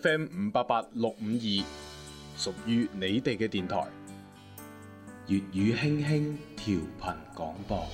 FM 五八八六五二，屬於你哋嘅電台，粵語輕輕調頻廣播。